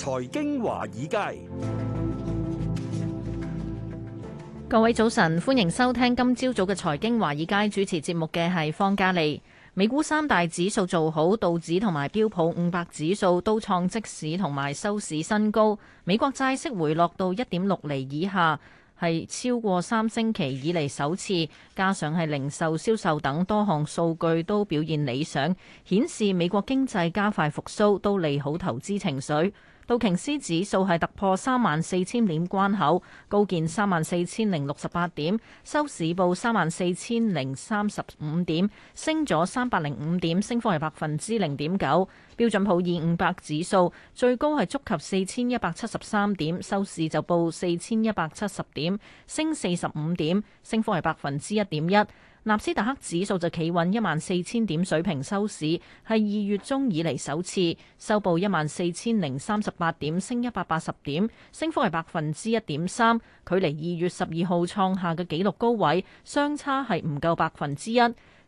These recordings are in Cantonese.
財經華爾街，各位早晨，歡迎收聽今朝早嘅財經華爾街，主持節目嘅係方嘉利。美股三大指數做好，道指同埋標普五百指數都創即市同埋收市新高。美國債息回落到一點六厘以下，係超過三星期以嚟，首次加上係零售、銷售等多項數據都表現理想，顯示美國經濟加快復甦，都利好投資情緒。道瓊斯指數係突破三萬四千點關口，高見三萬四千零六十八點，收市報三萬四千零三十五點，升咗三百零五點，升幅係百分之零點九。標準普爾五百指數最高係觸及四千一百七十三點，收市就報四千一百七十點，升四十五點，升幅係百分之一點一。納斯達克指數就企穩一萬四千點水平收市，係二月中以嚟，首次收報一萬四千零三十八點，升一百八十點，升幅係百分之一點三，距離二月十二號創下嘅紀錄高位相差係唔夠百分之一。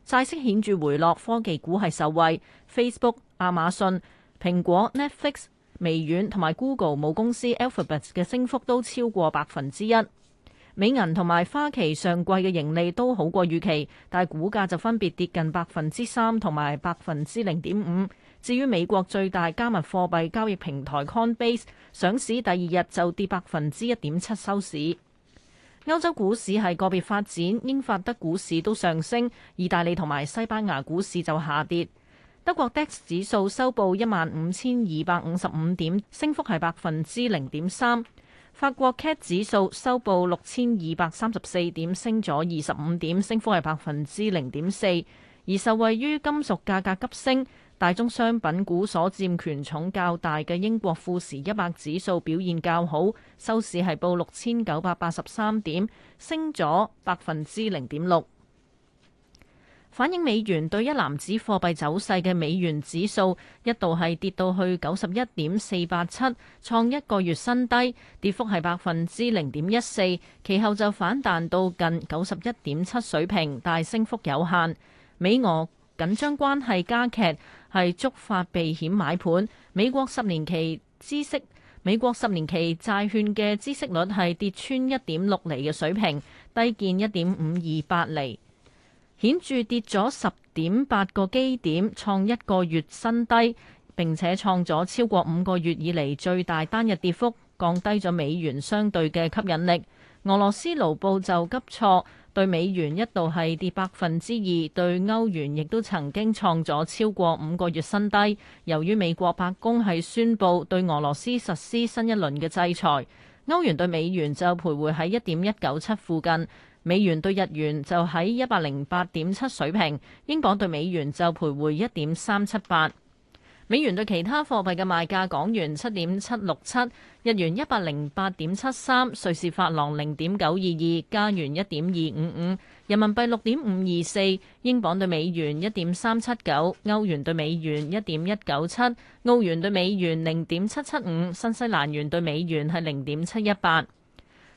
債息顯著回落，科技股係受惠，Facebook、亞馬遜、蘋果、Netflix、微軟同埋 Google 母公司 Alphabet 嘅升幅都超過百分之一。美銀同埋花旗上季嘅盈利都好過預期，但係股價就分別跌近百分之三同埋百分之零點五。至於美國最大加密貨幣交易平台 Coinbase，上市第二日就跌百分之一點七收市。歐洲股市係個別發展，英法德股市都上升，意大利同埋西班牙股市就下跌。德國 DAX 指數收報一萬五千二百五十五點，升幅係百分之零點三。法國 CAC 指數收報六千二百三十四點，升咗二十五點，升幅係百分之零點四。而受惠於金屬價格急升，大宗商品股所占權重較大嘅英國富時一百指數表現較好，收市係報六千九百八十三點，升咗百分之零點六。反映美元對一籃子貨幣走勢嘅美元指數一度係跌到去九十一點四八七，創一個月新低，跌幅係百分之零點一四。其後就反彈到近九十一點七水平，但升幅有限。美俄緊張關係加劇，係觸發避險買盤。美國十年期孳息，美國十年期債券嘅孳息率係跌穿一點六厘嘅水平，低見一點五二八厘。顯著跌咗十點八個基點，創一個月新低，並且創咗超過五個月以嚟最大單日跌幅，降低咗美元相對嘅吸引力。俄羅斯盧布就急挫，對美元一度係跌百分之二，對歐元亦都曾經創咗超過五個月新低。由於美國白宮係宣布對俄羅斯實施新一輪嘅制裁，歐元對美元就徘徊喺一點一九七附近。美元兌日元就喺一百零八點七水平，英鎊對美元就徘徊一點三七八。美元對其他貨幣嘅賣價，港元七點七六七，日元一百零八點七三，瑞士法郎零點九二二，加元一點二五五，人民幣六點五二四，英鎊對美元一點三七九，歐元對美元一點一九七，澳元對美元零點七七五，新西蘭元對美元係零點七一八。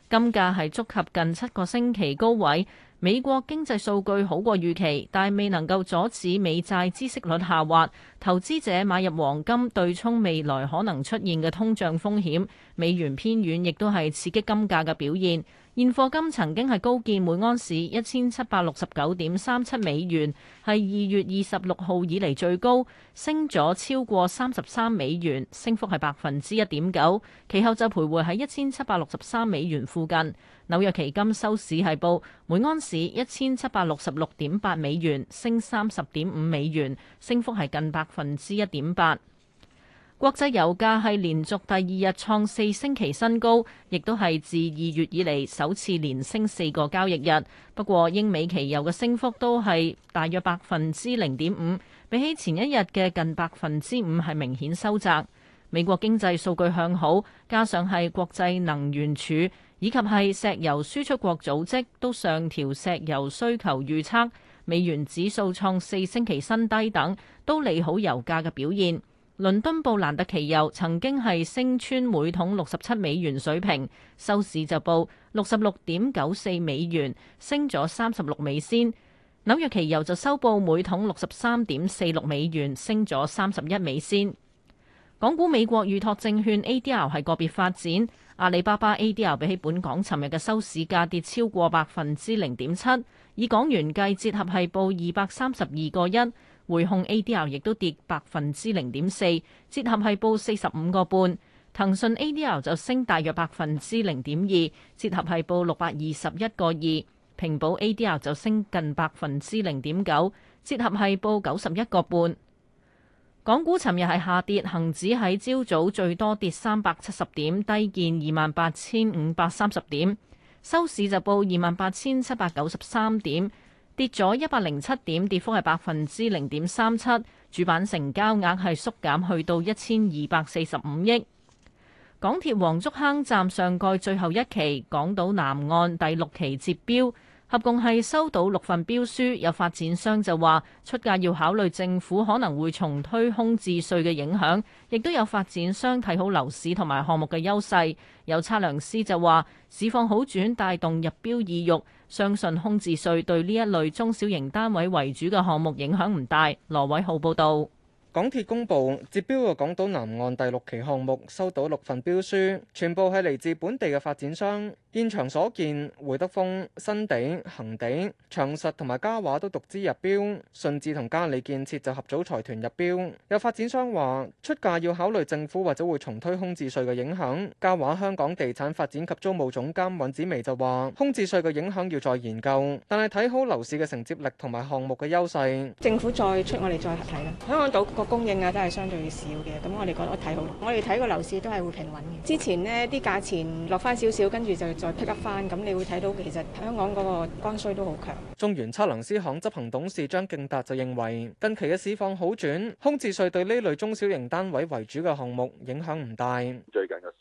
金價係觸及近七個星期高位，美國經濟數據好過預期，但未能夠阻止美債孳息率下滑。投資者買入黃金對沖未來可能出現嘅通脹風險，美元偏軟亦都係刺激金價嘅表現。現貨金曾經係高見每盎司一千七百六十九點三七美元，係二月二十六號以嚟最高，升咗超過三十三美元，升幅係百分之一點九。其後就徘徊喺一千七百六十三美元附近。紐約期金收市係報每盎司一千七百六十六點八美元，升三十點五美元，升幅係近百分之一點八。國際油價係連續第二日創四星期新高，亦都係自二月以嚟首次連升四個交易日。不過，英美期油嘅升幅都係大約百分之零點五，比起前一日嘅近百分之五係明顯收窄。美國經濟數據向好，加上係國際能源署以及係石油輸出國組織都上調石油需求預測，美元指數創四星期新低等，都利好油價嘅表現。倫敦布蘭特期油曾經係升穿每桶六十七美元水平，收市就報六十六點九四美元，升咗三十六美仙。紐約期油就收報每桶六十三點四六美元，升咗三十一美仙。港股美國預託證券 ADR 係個別發展，阿里巴巴 ADR 比起本港尋日嘅收市價跌超過百分之零點七，以港元計，折合係報二百三十二個一。匯控 ADR 亦都跌百分之零點四，折合係報四十五個半。騰訊 ADR 就升大約百分之零點二，折合係報六百二十一個二。平保 ADR 就升近百分之零點九，折合係報九十一個半。港股尋日係下跌，恒指喺朝早最多跌三百七十點，低見二萬八千五百三十點，收市就報二萬八千七百九十三點，跌咗一百零七點，跌幅係百分之零點三七。主板成交額係縮減去到一千二百四十五億。港鐵黃竹坑站上蓋最後一期港島南岸第六期截標，合共係收到六份標書。有發展商就話出價要考慮政府可能會重推空置稅嘅影響，亦都有發展商睇好樓市同埋項目嘅優勢。有測量師就話市況好轉帶動入標意欲。相信空置稅對呢一類中小型單位為主嘅項目影響唔大。羅偉浩報道，港鐵公布截標嘅港島南岸第六期項目收到六份標書，全部係嚟自本地嘅發展商。現場所見，會德豐、新地、恒地、長實同埋嘉華都獨資入標，信置同嘉里建設就合組財團入標。有發展商話出價要考慮政府或者會重推空置稅嘅影響。嘉華香港地產發展及租務總監尹子薇就話：空置稅嘅影響要再研究，但係睇好樓市嘅承接力同埋項目嘅優勢。政府再出，我哋再睇啦。香港島個供應啊，都係相對少嘅，咁我哋覺得睇好。我哋睇個樓市都係會平穩嘅。之前呢啲價錢落返少少，跟住就。再 pick 翻，咁你會睇到其實香港嗰個關稅都好強。中原測量師行執行董事張敬達就認為，近期嘅市況好轉，空置稅對呢類中小型單位為主嘅項目影響唔大。最近嘅。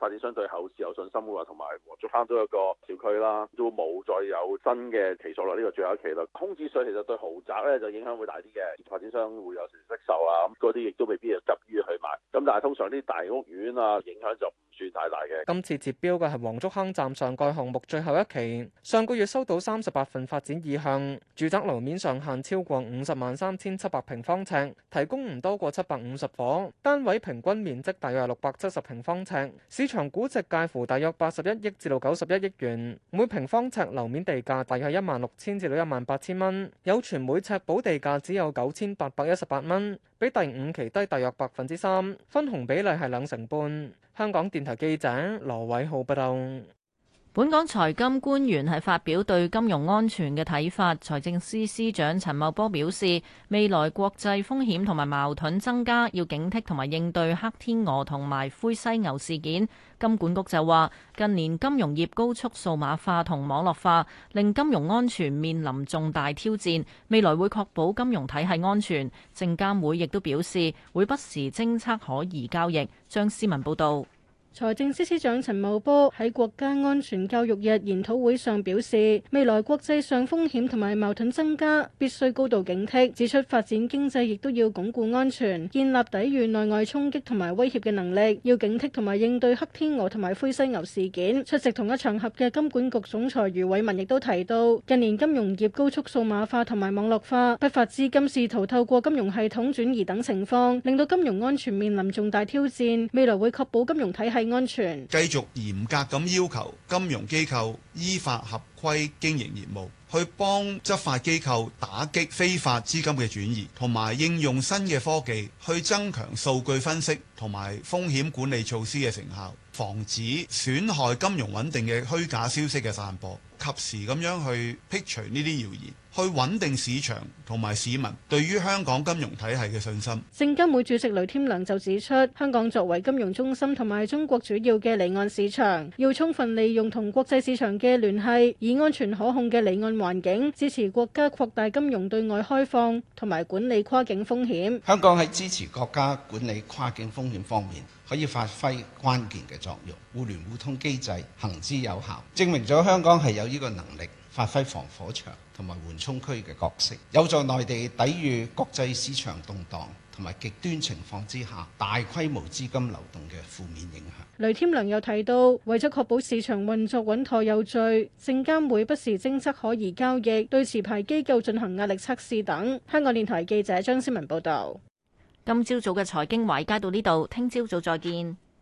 發展商對後市有信心嘅話，同埋黃竹坑都有個小區啦，都冇再有新嘅期數啦，呢個最後一期啦。空置稅其實對豪宅咧就影響會大啲嘅，發展商會有時惜售啊，咁嗰啲亦都未必係急於去買。咁但係通常啲大屋苑啊，影響就唔算太大嘅。今次截標嘅係黃竹坑站上蓋項目最後一期，上個月收到三十八份發展意向，住宅樓面上限超過五十萬三千七百平方尺，提供唔多過七百五十伙，單位平均面積大約係六百七十平方尺。場估值，介乎大約八十一億至到九十一億元，每平方尺樓面地價大約一萬六千至到一萬八千蚊，有傳每尺補地價只有九千八百一十八蚊，比第五期低大約百分之三，分紅比例係兩成半。香港電台記者羅偉浩報道。本港財金官員係發表對金融安全嘅睇法。財政司司長陳茂波表示，未來國際風險同埋矛盾增加，要警惕同埋應對黑天鵝同埋灰犀牛事件。金管局就話，近年金融業高速數碼化同網絡化，令金融安全面臨重大挑戰。未來會確保金融體系安全。證監會亦都表示，會不時偵測可疑交易。張思文報導。財政司司長陳茂波喺國家安全教育日研討會上表示，未來國際上風險同埋矛盾增加，必須高度警惕。指出發展經濟亦都要鞏固安全，建立抵禦內外衝擊同埋威脅嘅能力。要警惕同埋應對黑天鵝同埋灰犀牛事件。出席同一場合嘅金管局總裁余偉文亦都提到，近年金融業高速數碼化同埋網絡化，不法資金試圖透過金融系統轉移等情況，令到金融安全面臨重大挑戰。未來會確保金融體系，係安全，繼續嚴格咁要求金融機構依法合規經營業務，去幫執法機構打擊非法資金嘅轉移，同埋應用新嘅科技去增強數據分析同埋風險管理措施嘅成效，防止損害金融穩定嘅虛假消息嘅散播。及時咁樣去辟除呢啲謠言，去穩定市場同埋市民對於香港金融體系嘅信心。證監會主席雷添良就指出，香港作為金融中心同埋中國主要嘅離岸市場，要充分利用同國際市場嘅聯繫，以安全可控嘅離岸環境支持國家擴大金融對外開放同埋管理跨境風險。香港喺支持國家管理跨境風險方面可以發揮關鍵嘅作用，互聯互通機制行之有效，證明咗香港係有。呢個能力發揮防火牆同埋緩衝區嘅角色，有助內地抵禦國際市場動盪同埋極端情況之下大規模資金流動嘅負面影響。雷添良又提到，為咗確保市場運作穩妥有序，證監會不時偵測可疑交易，對持牌機構進行壓力測試等。香港電台記者張思文報導。今朝早嘅財經華爾街到呢度，聽朝早，早再見。